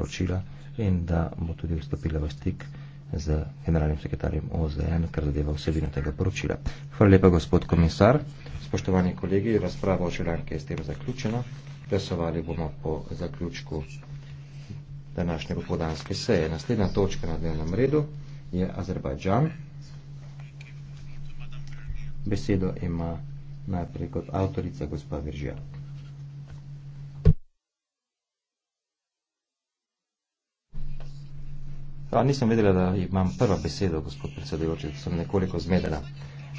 sporočila in da bo tudi vstopila v stik z generalnim sekretarjem OZN, kar zadeva vsebino tega poročila. Hvala lepa, gospod komisar. Spoštovani kolegi, razprava o Šrilanki je s tem zaključena. Glasovali bomo po zaključku današnje popodanske seje. Naslednja točka na dnevnem redu je Azerbajdžan. Besedo ima najprej kot avtorica gospa Viržjak. A, nisem vedela, da imam prva besedo, gospod predsedujoči, sem nekoliko zmedena.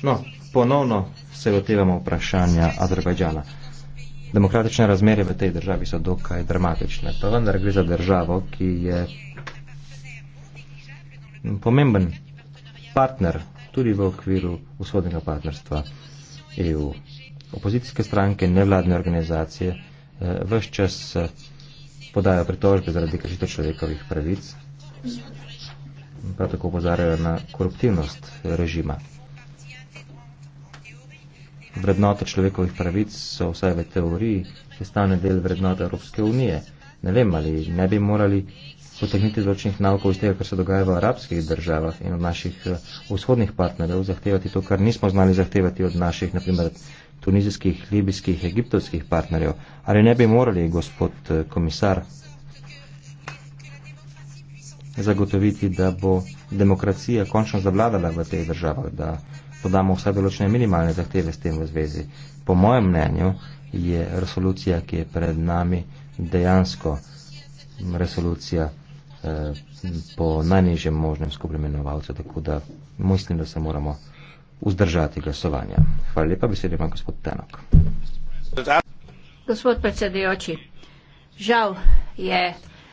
No, ponovno se lotevamo vprašanja Azerbajdžana. Demokratične razmere v tej državi so dokaj dramatične, pa vendar gre za državo, ki je pomemben partner tudi v okviru vzhodnega partnerstva EU. Opozicijske stranke, nevladne organizacije, eh, vse čas eh, podajo pritožbe zaradi kršitev človekovih pravic prav tako pozarajo na koruptivnost režima. Vrednote človekovih pravic so vsaj v teoriji sestavni del vrednote Evropske unije. Ne vem, ali ne bi morali potegniti zločinih naukov iz tega, kar se dogaja v arabskih državah in od naših eh, vzhodnih partnerjev zahtevati to, kar nismo znali zahtevati od naših, naprimer, tunizijskih, libijskih, egiptovskih partnerjev. Ali ne bi morali, gospod eh, komisar, zagotoviti, da bo demokracija končno zavladala v teh državah, da podamo vse določene minimalne zahteve s tem v zvezi. Po mojem mnenju je resolucija, ki je pred nami, dejansko resolucija eh, po najnižjem možnem skupnem imenovalcu, tako da mislim, da se moramo vzdržati glasovanja. Hvala lepa, besedi vam gospod Tenok. Gospod predsedujoči, žal je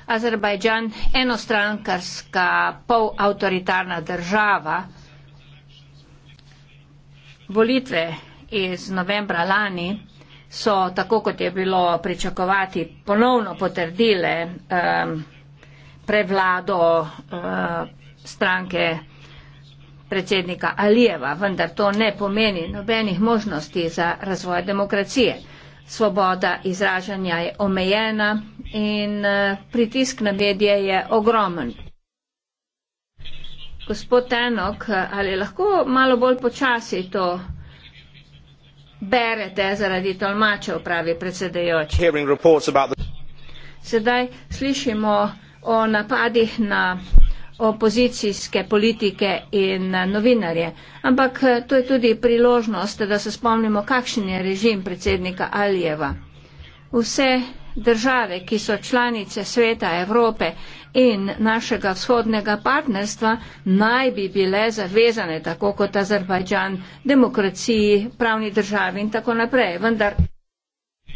Azerbajdžan enostrankarska polautoritarna država. Volitve iz novembra lani so, tako kot je bilo pričakovati, ponovno potrdile um, prevlado um, stranke predsednika Alijeva, vendar to ne pomeni nobenih možnosti za razvoj demokracije. Svoboda izražanja je omejena, in uh, pritisk na medije je ogromen. Gospod Tenok, eh, ali lahko malo bolj počasi to berete zaradi tolmačev, pravi predsedajoči. Sedaj slišimo o napadih na opozicijske politike in eh, novinarje. Ampak to je tudi priložnost, da se spomnimo, kakšen je režim predsednika Alijeva. Vse države, ki so članice sveta Evrope in našega vzhodnega partnerstva, naj bi bile zavezane, tako kot Azerbajdžan, demokraciji, pravni državi in tako naprej. Vendar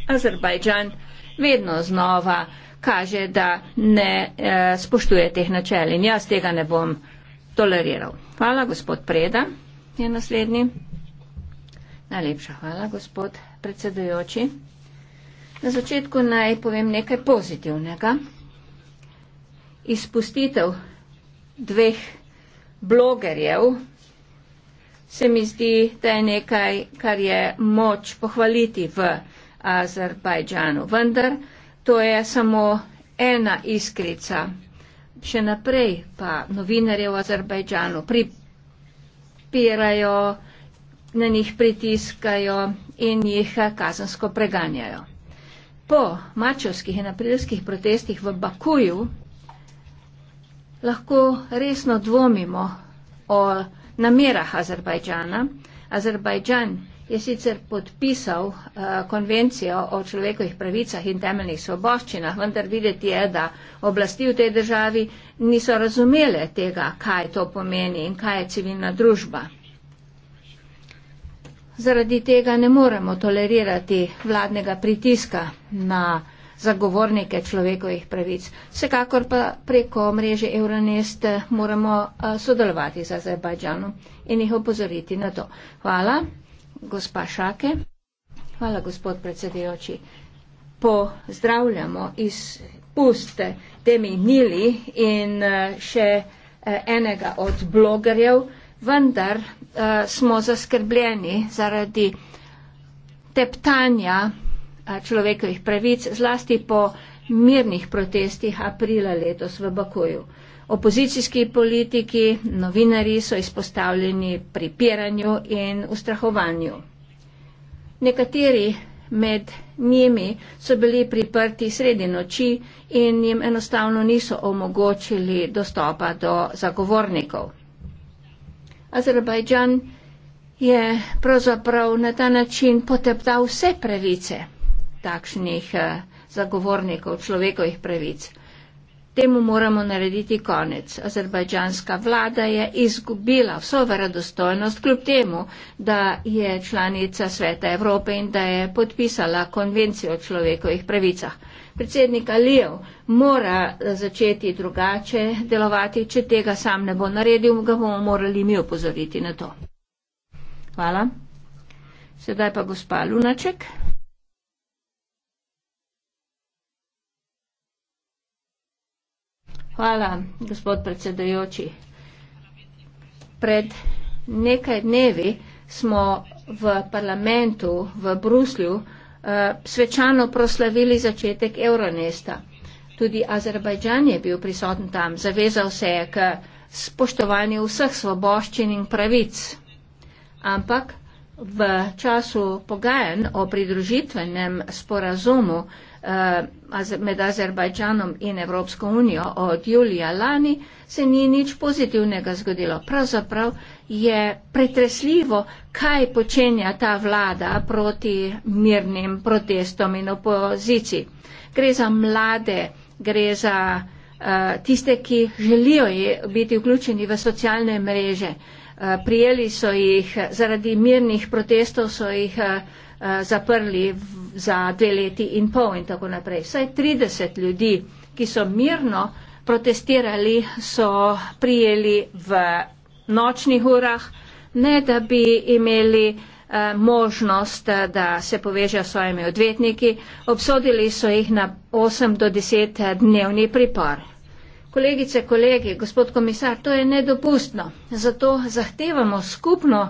Azerbajdžan vedno znova kaže, da ne eh, spoštuje teh načel in jaz tega ne bom toleriral. Hvala, gospod Preda, je naslednji. Najlepša hvala, gospod predsedujoči. Na začetku naj povem nekaj pozitivnega. Izpustitev dveh blogerjev se mi zdi, da je nekaj, kar je moč pohvaliti v Azerbajdžanu. Vendar to je samo ena iskrica. Še naprej pa novinarje v Azerbajdžanu pripirajo, na njih pritiskajo in jih kazansko preganjajo po mačovskih in aprilskih protestih v Bakuju lahko resno dvomimo o namerah Azerbajdžana. Azerbajdžan je sicer podpisal uh, konvencijo o človekovih pravicah in temeljnih svoboščinah, vendar videti je, da oblasti v tej državi niso razumele tega, kaj to pomeni in kaj je civilna družba. Zaradi tega ne moremo tolerirati vladnega pritiska na zagovornike človekovih pravic. Vsekakor pa preko mreže Euronest moramo sodelovati z Azerbajdžanom in jih opozoriti na to. Hvala, gospa Šake. Hvala, gospod predsedujoči. Pozdravljamo iz puste temi Nili in še enega od blogerjev vendar uh, smo zaskrbljeni zaradi teptanja uh, človekovih pravic, zlasti po mirnih protestih aprila letos v Bakuju. Opozicijski politiki, novinari so izpostavljeni pripiranju in ustrahovanju. Nekateri med njimi so bili priprti sredi noči in jim enostavno niso omogočili dostopa do zagovornikov. Azerbajdžan je pravzaprav na ta način poteptal vse pravice takšnih eh, zagovornikov človekovih pravic. Temu moramo narediti konec. Azerbajdžanska vlada je izgubila vso verodostojnost, kljub temu, da je članica Sveta Evrope in da je podpisala konvencijo o človekovih pravicah. Predsednik Alijev mora začeti drugače delovati, če tega sam ne bo naredil, ga bomo morali mi opozoriti na to. Hvala. Sedaj pa gospa Lunaček. Hvala, gospod predsedajoči. Pred nekaj dnevi smo v parlamentu v Bruslju Eh, svečano proslavili začetek Euronesta. Tudi Azerbajdžan je bil prisoten tam, zavezal se je k spoštovanju vseh svoboščin in pravic. Ampak v času pogajanj o pridružitvenem sporazumu eh, med Azerbajdžanom in Evropsko unijo od julija lani se ni nič pozitivnega zgodilo. Pravzaprav je pretresljivo, kaj počenja ta vlada proti mirnim protestom in opoziciji. Gre za mlade, gre za uh, tiste, ki želijo biti vključeni v socialne mreže. Uh, Eh, prijeli so jih, zaradi mirnih protestov so jih eh, eh, zaprli za dve leti in pol in tako naprej. Vsaj 30 ljudi, ki so mirno protestirali, so prijeli v nočnih urah, ne da bi imeli možnost, da se povežejo s svojimi odvetniki. Obsodili so jih na 8 do 10 dnevni pripor. Kolegice, kolegi, gospod komisar, to je nedopustno. Zato zahtevamo skupno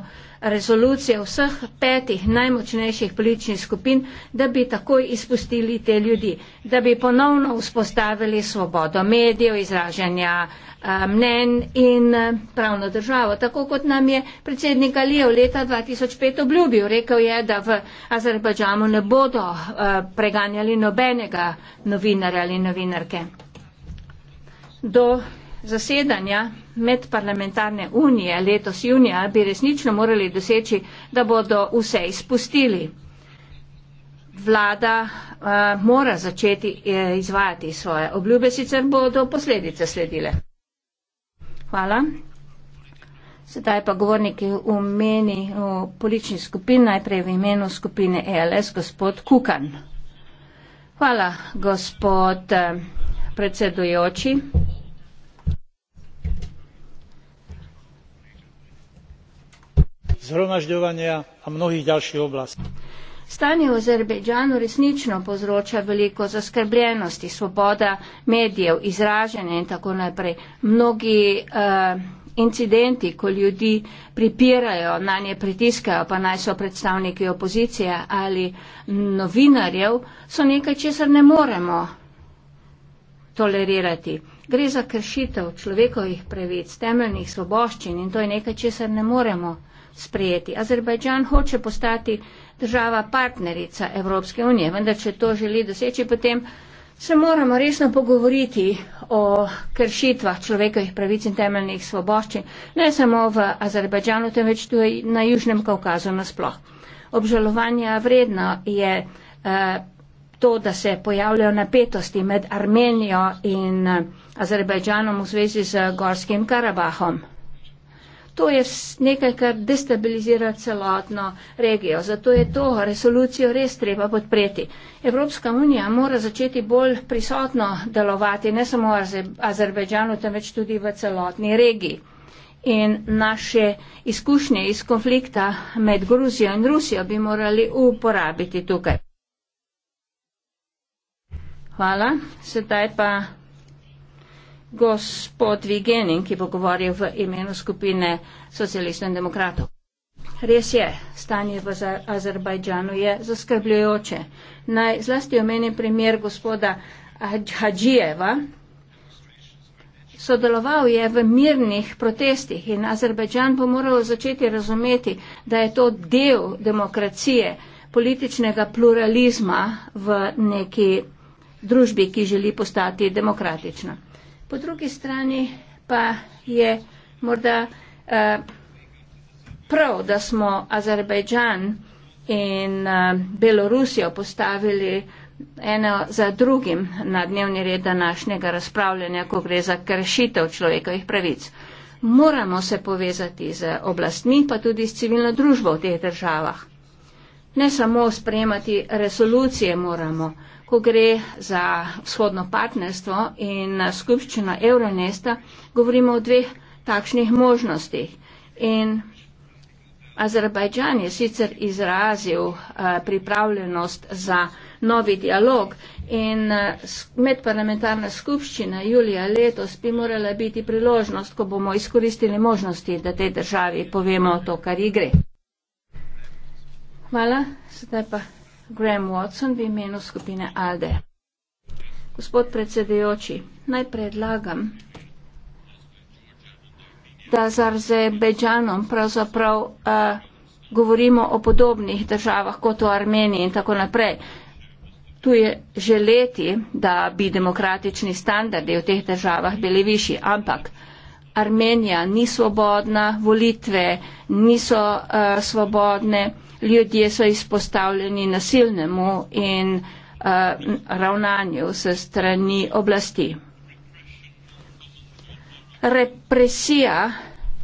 rezolucijo vseh petih najmočnejših političnih skupin, da bi takoj izpustili te ljudi, da bi ponovno vzpostavili svobodo medijev, izražanja eh, mnen in eh, pravno državo. Tako kot nam je predsednik Alijev leta 2005 obljubil, rekel je, da v Azerbajdžanu ne bodo eh, preganjali nobenega novinarja ali novinarke do zasedanja medparlamentarne unije letos junija bi resnično morali doseči, da bodo vse izpustili. Vlada uh, mora začeti uh, izvajati svoje obljube, sicer bodo posledice sledile. Hvala. Sedaj pa govornik v meni v politični skupini, najprej v imenu skupine ELS, gospod Kukan. Hvala, gospod uh, predsedujoči. zhromažďovania a mnohých ďalších oblastí. Stanje v Azerbejdžanu resnično povzroča veliko zaskrbljenosti, svoboda medijev, izražanje in tako naprej. Mnogi eh, incidenti, ko ljudi pripirajo, na nje pritiskajo, pa naj so predstavniki opozicije ali novinarjev, so nekaj, česar ne moremo tolerirati. Gre za kršitev človekovih pravic, temeljnih sloboščin in to je nekaj, česar ne moremo tolerirati sprejeti. Azerbajdžan hoče postati država partnerica Evropske unije, vendar če to želi doseči, potem se moramo resno pogovoriti o kršitvah človekovih pravic in temeljnih svoboščin, ne samo v Azerbajdžanu, temveč tudi na Južnem Kaukazu nasploh. Obžalovanja vredno je eh, to, da se pojavljajo napetosti med Armenijo in eh, Azerbajdžanom v zvezi z Gorskim Karabahom. To je nekaj, kar destabilizira celotno regijo. Zato je to resolucijo res treba podpreti. Evropska unija mora začeti bolj prisotno delovati, ne samo v Azerbejdžanu, temveč tudi v celotni regiji. In naše izkušnje iz konflikta med Gruzijo in Rusijo bi morali uporabiti tukaj. Hvala. Sedaj pa gospod Vigenin, ki bo govoril v imenu skupine socialistov in demokratov. Res je, stanje v Azerbajdžanu je zaskrbljujoče. Naj zlasti omenim primer gospoda Hadžijeva. Sodeloval je v mirnih protestih in Azerbajdžan bo moral začeti razumeti, da je to del demokracije, političnega pluralizma v neki družbi, ki želi postati demokratična. Po drugi strani pa je morda uh, prav, da smo Azerbajdžan in uh, Belorusijo postavili eno za drugim na dnevni red današnjega razpravljanja, ko gre za kršitev človekovih pravic. Moramo se povezati z oblastmi, pa tudi s civilno družbo v teh državah. Ne samo sprejemati resolucije moramo, ko gre za vzhodno partnerstvo in skupščino Euronesta, govorimo o dveh takšnih možnostih. In Azerbajdžan je sicer izrazil eh, pripravljenost za novi dialog in eh, medparlamentarna skupščina julija letos bi morala biti priložnost, ko bomo izkoristili možnosti, da tej državi povemo to, kar ji gre. Hvala, sedaj pa. Graham Watson v imenu skupine ALDE. Gospod predsedujoči, naj predlagam, da z Azerbejdžanom pravzaprav uh, govorimo o podobnih državah kot o Armeniji in tako naprej. Tu je želeti, da bi demokratični standardi v teh državah bili višji, ampak uh, Armenija ni svobodna, volitve niso uh, svobodne, ljudje so izpostavljeni nasilnemu in uh, ravnanju se strani oblasti. Represija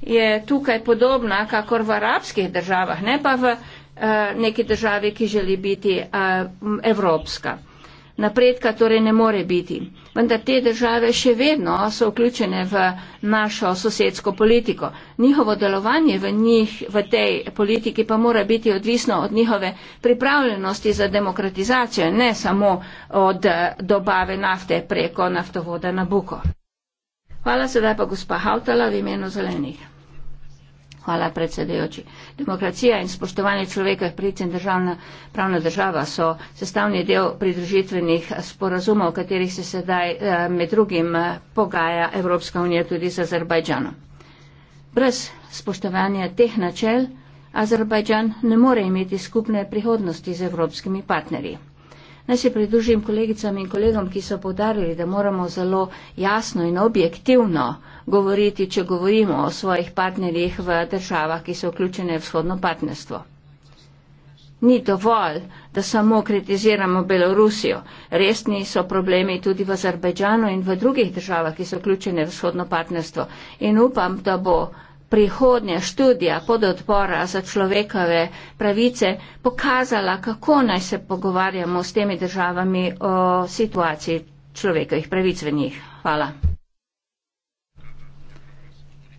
je tukaj podobna, kakor v arabskih državah, ne pa v uh, neki državi, ki želi biti uh, evropska napredka torej ne more biti. Vendar te države še vedno so vključene v našo sosedsko politiko. Njihovo delovanje v, njih, v tej politiki pa mora biti odvisno od njihove pripravljenosti za demokratizacijo, ne samo od dobave nafte preko naftovoda na Buko. Hvala sedaj pa gospa Hautala v imenu zelenih. Hvala, predsedujoči. Demokracija in spoštovanje človekovih pravic in državna pravna država so sestavni del pridružitvenih sporazumov, katerih se sedaj eh, med drugim eh, pogaja Evropska unija tudi z Azerbajdžanom. Brez spoštovanja teh načel Azerbajdžan ne more imeti skupne prihodnosti z evropskimi partnerji. Naj se pridružim kolegicam in kolegom, ki so podarili, da moramo zelo jasno in objektivno govoriti, če govorimo o svojih partnerjih v državah, ki so vključene v vzhodno partnerstvo. Ni dovolj, da samo kritiziramo Belorusijo. Resni so problemi tudi v Azerbejdžanu in v drugih državah, ki so vključene v vzhodno partnerstvo. In upam, da bo prihodnja študija pod odpora za človekove pravice pokazala, kako naj se pogovarjamo s temi državami o situaciji človekovih pravic v njih. Hvala.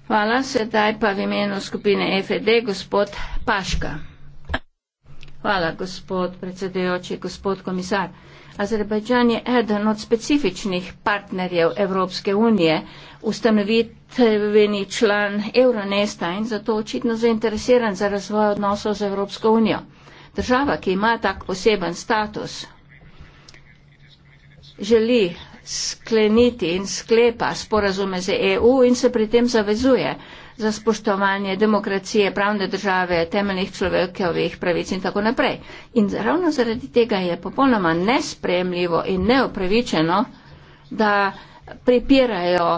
Hvala, sedaj pa v imenu skupine EFD gospod Paška. Hvala, gospod predsedujoči, gospod komisar. Azerbajdžan je eden od specifičnih partnerjev Evropske unije, ustanoviteljni član Euronesta in zato očitno zainteresiran za razvoj odnosov z Evropsko unijo. Država, ki ima tak poseben status, želi skleniti in sklepa sporazume z EU in se pri tem zavezuje za spoštovanje demokracije, pravne države, temeljnih človekovih pravic in tako naprej. In ravno zaradi tega je popolnoma nespremljivo in neopravičeno, da pripirajo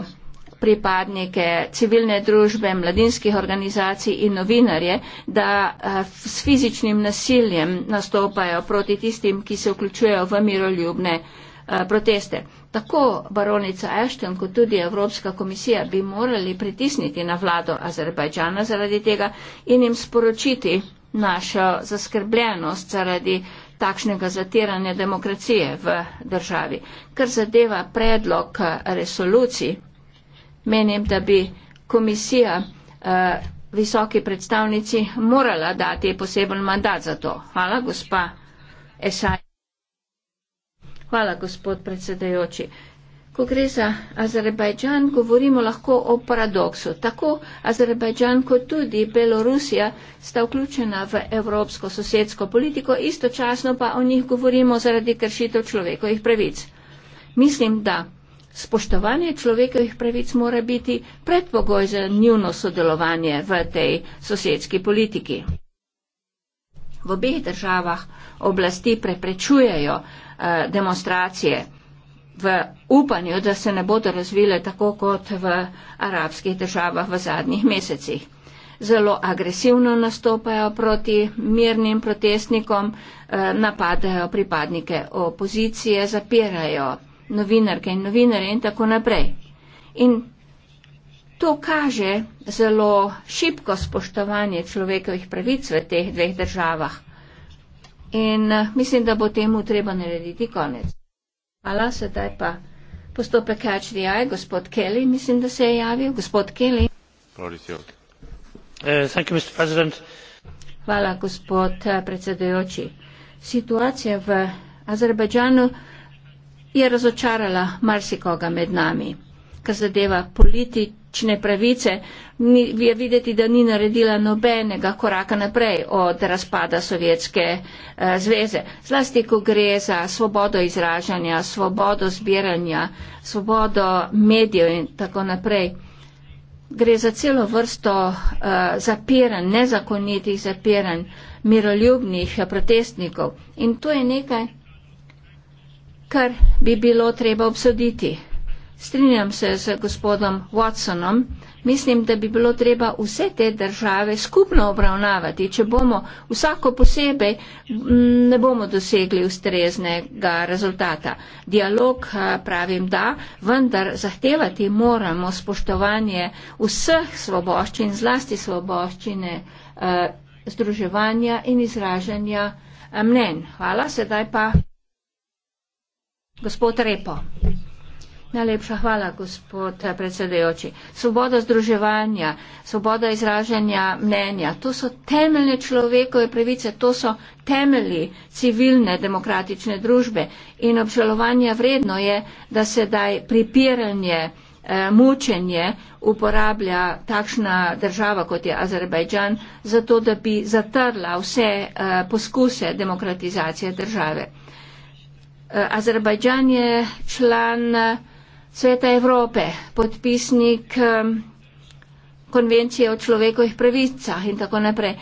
pripadnike civilne družbe, mladinskih organizacij in novinarje, da eh, s fizičnim nasiljem nastopajo proti tistim, ki se vključujejo v miroljubne eh, proteste tako baronica Ashton kot tudi Evropska komisija bi morali pritisniti na vlado Azerbajdžana zaradi tega in jim sporočiti našo zaskrbljenost zaradi takšnega zatiranja demokracije v državi. Kar zadeva predlog resolucij, menim, da bi komisija eh, visoki predstavnici morala dati poseben mandat za to. Hvala, gospa Esaj. Hvala, gospod predsedajoči. Ko gre za Azerbajdžan, govorimo lahko o paradoksu. Tako Azerbajdžan kot tudi Belorusija sta vključena v evropsko sosedsko politiko, istočasno pa o njih govorimo zaradi kršitev človekovih pravic. Mislim, da spoštovanje človekovih pravic mora biti predpogoj za njuno sodelovanje v tej sosedski politiki v obeh državah oblasti preprečujejo eh, demonstracije v upanju, da se ne bodo razvile tako kot v arabskih državah v zadnjih mesecih. Zelo agresivno nastopajo proti mirnim protestnikom, eh, napadajo pripadnike opozicije, zapirajo novinarke in novinarje in tako naprej. In To kaže zelo šibko spoštovanje človekovih pravic v teh dveh državah. In eh, mislim, da bo temu treba narediti konec. Hvala, sedaj pa postopek Catch the Eye, gospod Kelly, mislim, da se je javil. Gospod Kelly. Eh, Hvala, gospod eh, predsedujoči. Situacija v Azerbajdžanu je razočarala marsikoga med nami, kar zadeva politično človekovične pravice, ni, je videti, da ni naredila nobenega koraka naprej od razpada Sovjetske eh, zveze. Zlasti, ko gre za svobodo izražanja, svobodo zbiranja, svobodo medijev in tako naprej. Gre za celo vrsto eh, zapiranj, nezakonitih zapiranj, miroljubnih eh, protestnikov. In to je nekaj, kar bi bilo treba obsoditi. Strinjam se z gospodom Watsonom. Mislim, da bi bilo treba vse te države skupno obravnavati. Če bomo vsako posebej, ne bomo dosegli ustreznega rezultata. Dialog pravim da, vendar zahtevati moramo spoštovanje vseh svoboščin, zlasti svoboščine združevanja in izražanja mnen. Hvala, sedaj pa gospod Repo. Najlepša hvala, gospod predsedujoči. Svoboda združevanja, svoboda izražanja mnenja, to so temeljne človekove pravice, to so temelji civilne demokratične družbe in obžalovanja vredno je, da se daj pripiranje, eh, mučenje uporablja takšna država, kot je Azerbajdžan, zato da bi zatrla vse eh, poskuse demokratizacije države. Eh, Azerbajdžan je član Sveta Evrope, podpisnik konvencije o človekovih pravicah in tako naprej,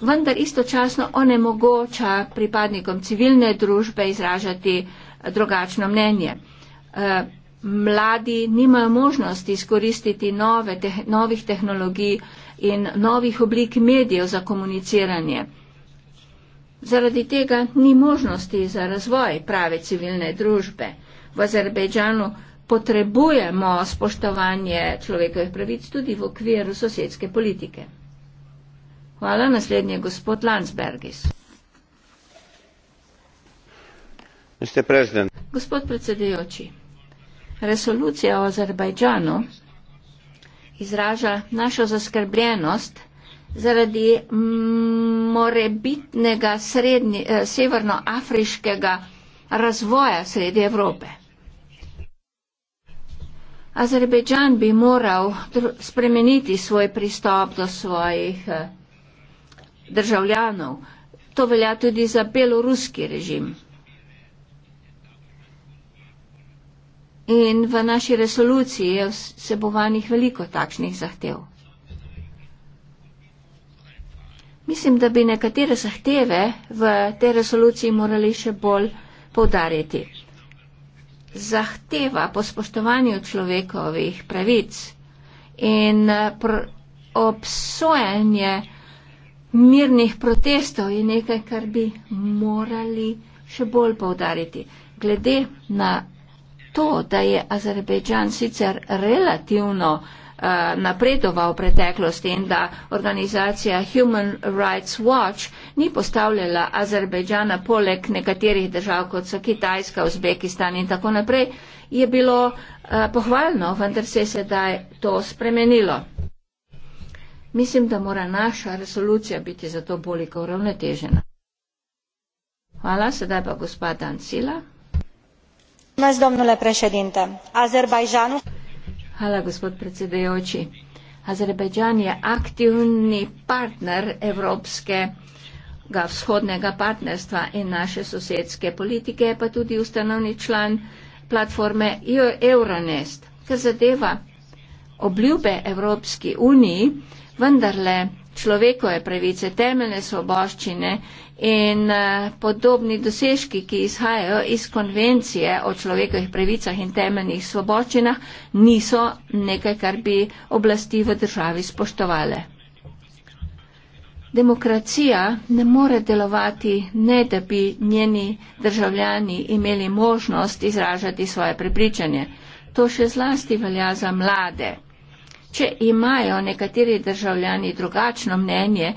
vendar istočasno onemogoča pripadnikom civilne družbe izražati drugačno mnenje. Mladi nimajo možnosti izkoristiti nove, te, novih tehnologij in novih oblik medijev za komuniciranje. Zaradi tega ni možnosti za razvoj prave civilne družbe. V Azerbejdžanu potrebujemo spoštovanje človekovih pravic tudi v okviru sosedske politike. Hvala, naslednji gospod Landsbergis. Gospod predsedujoči, resolucija o Azerbajdžanu izraža našo zaskrbljenost zaradi morebitnega eh, severnoafriškega razvoja sredi Evrope. Azerbejdžan bi moral spremeniti svoj pristop do svojih eh, državljanov. To velja tudi za beloruski režim. In v naši resoluciji je vsebovanih veliko takšnih zahtev. Mislim, da bi nekatere zahteve v tej resoluciji morali še bolj poudariti zahteva po spoštovanju človekovih pravic in eh, pr obsojanje mirnih protestov je nekaj, kar bi morali še bolj povdariti. Glede na to, da je Azerbejdžan sicer relativno Eh, napredoval v preteklosti in da organizacija Human Rights Watch ni postavljala Azerbejdžana poleg nekaterih držav, kot so Kitajska, Uzbekistan in tako naprej, je bilo uh, pohvalno, vendar se je sedaj to spremenilo. Mislim, da mora naša resolucija biti zato boliko uravnotežena. Hvala, sedaj pa gospa Dancila. Mas, domnule președinte, Azerbaijanul... Hvala, gospod predsedajoči. Azerbejdžan je aktivni partner Evropskega vzhodnega partnerstva in naše sosedske politike, pa tudi ustanovni član platforme Euronest. Kar zadeva obljube Evropski uniji, vendarle človekove pravice, temeljne svoboščine in eh, podobni dosežki, ki izhajajo iz konvencije o človekovih pravicah in temeljnih svoboščinah, niso nekaj, kar bi oblasti v državi spoštovale. Demokracija ne more delovati ne, da bi njeni državljani imeli možnost izražati svoje prepričanje. To še zlasti velja za mlade. Če imajo nekateri državljani drugačno mnenje,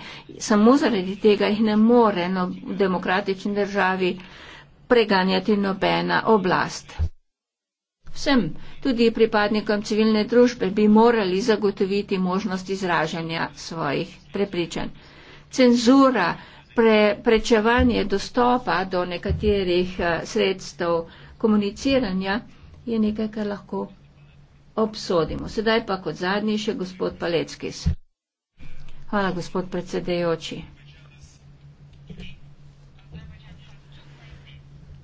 samo zaradi tega jih ne more no, v demokratični državi preganjati nobena oblast. Vsem, tudi pripadnikom civilne družbe, bi morali zagotoviti možnost izražanja svojih prepričanj. Cenzura, pre, prečevanje dostopa do nekaterih eh, sredstev komuniciranja je nekaj, kar lahko obsodimo. Sedaj pa kot zadnji še gospod Paleckis. Hvala, gospod predsedejoči.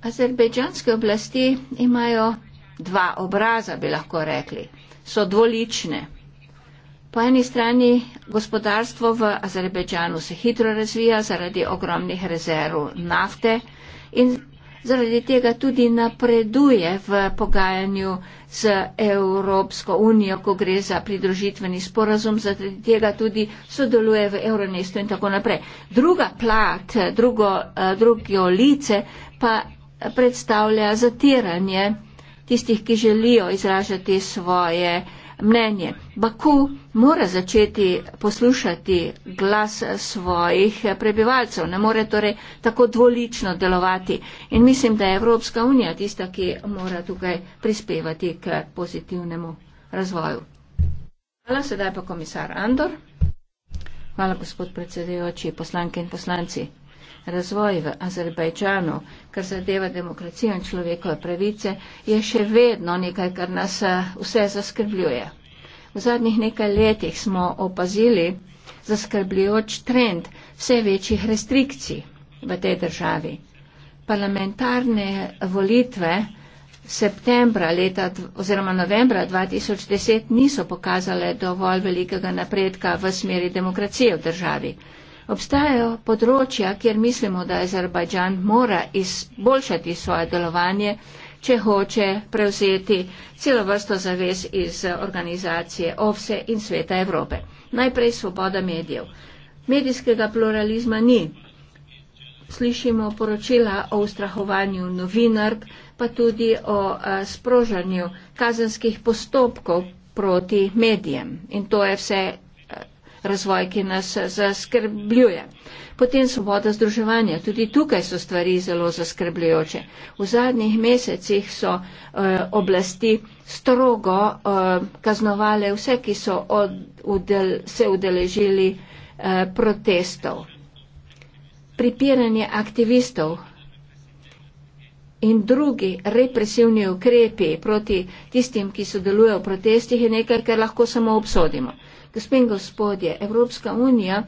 Azerbejdžanske oblasti imajo dva obraza, bi lahko rekli. So dvolične. Po eni strani gospodarstvo v Azerbejdžanu se hitro razvija zaradi ogromnih rezerv nafte in zaradi tega tudi napreduje v pogajanju z Evropsko unijo, ko gre za pridružitveni sporazum, zaradi tega tudi sodeluje v Euronestu in tako naprej. Druga plat, drugo, eh, drugo lice pa predstavlja zatiranje tistih, ki želijo izražati svoje mnenje. Baku mora začeti poslušati glas svojih prebivalcev, ne more torej tako dvolično delovati. In mislim, da je Evropska unija tista, ki mora tukaj prispevati k pozitivnemu razvoju. Hvala, sedaj pa komisar Andor. Hvala, gospod predsedujoči, poslanke in poslanci razvoj v Azerbajdžanu, kar zadeva demokracijo in človekove pravice, je še vedno nekaj, kar nas eh, vse zaskrbljuje. V zadnjih nekaj letih smo opazili zaskrbljujoč trend vse večjih restrikcij v tej državi. Parlamentarne volitve septembra leta oziroma novembra 2010 niso pokazale dovolj velikega napredka v smeri demokracije v državi. Obstajajo področja, kjer mislimo, da Azerbajdžan mora izboljšati svoje delovanje, če hoče prevzeti celo vrsto zavez iz organizacije OVSE in Sveta Evrope. Najprej svoboda medijev. Medijskega pluralizma ni. Slišimo poročila o ustrahovanju novinark, pa tudi o sprožanju kazenskih postopkov proti medijem. In to je vse razvoj, ki nas eh, zaskrbljuje. Potem svoboda združevanja. Tudi tukaj so stvari zelo zaskrbljujoče. V zadnjih mesecih so eh, oblasti strogo eh, kaznovale vse, ki so od, udel, se udeležili eh, protestov. Pripiranje aktivistov in drugi represivni ukrepi proti tistim, ki sodelujejo v protestih, je nekaj, kar lahko samo obsodimo. Gospod in gospodje, Evropska unija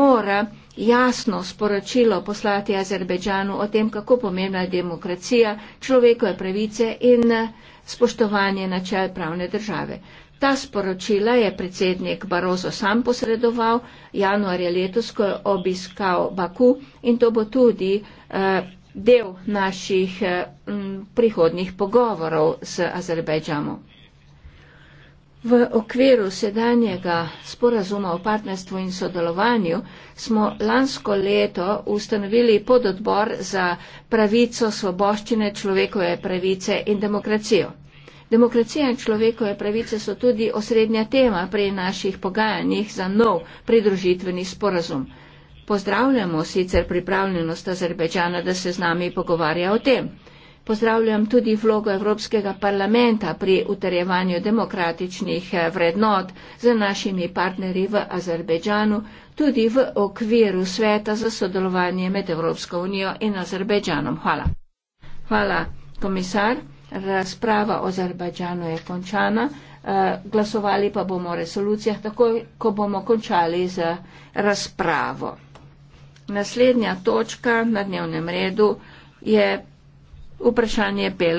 mora jasno sporočilo poslati Azerbejdžanu o tem, kako pomembna je demokracija, človekove pravice in eh, spoštovanje načel pravne države. Ta sporočila je predsednik Barozo sam posredoval januarja letos, ko je obiskal Baku in to bo tudi eh, del naših eh, m, prihodnih pogovorov z Azerbejdžamo. V okviru sedanjega sporazuma o partnerstvu in sodelovanju smo lansko leto ustanovili pododbor za pravico, svoboščine, človekove pravice in demokracijo. Demokracija in človekove pravice so tudi osrednja tema pri naših pogajanjih za nov pridružitveni sporazum. Pozdravljamo sicer pripravljenost Azerbejdžana, da se z nami pogovarja o tem. Pozdravljam tudi vlogo Evropskega parlamenta pri utrjevanju demokratičnih eh, vrednot z našimi partnerji v Azerbejdžanu, tudi v okviru sveta za sodelovanje med Evropsko unijo in Azerbejdžanom. Hvala. Hvala, komisar. Razprava o Azerbejdžanu je končana. Eh, glasovali pa bomo o resolucijah, tako ko bomo končali z razpravo. Naslednja točka na dnevnem redu je vprašanje Belo.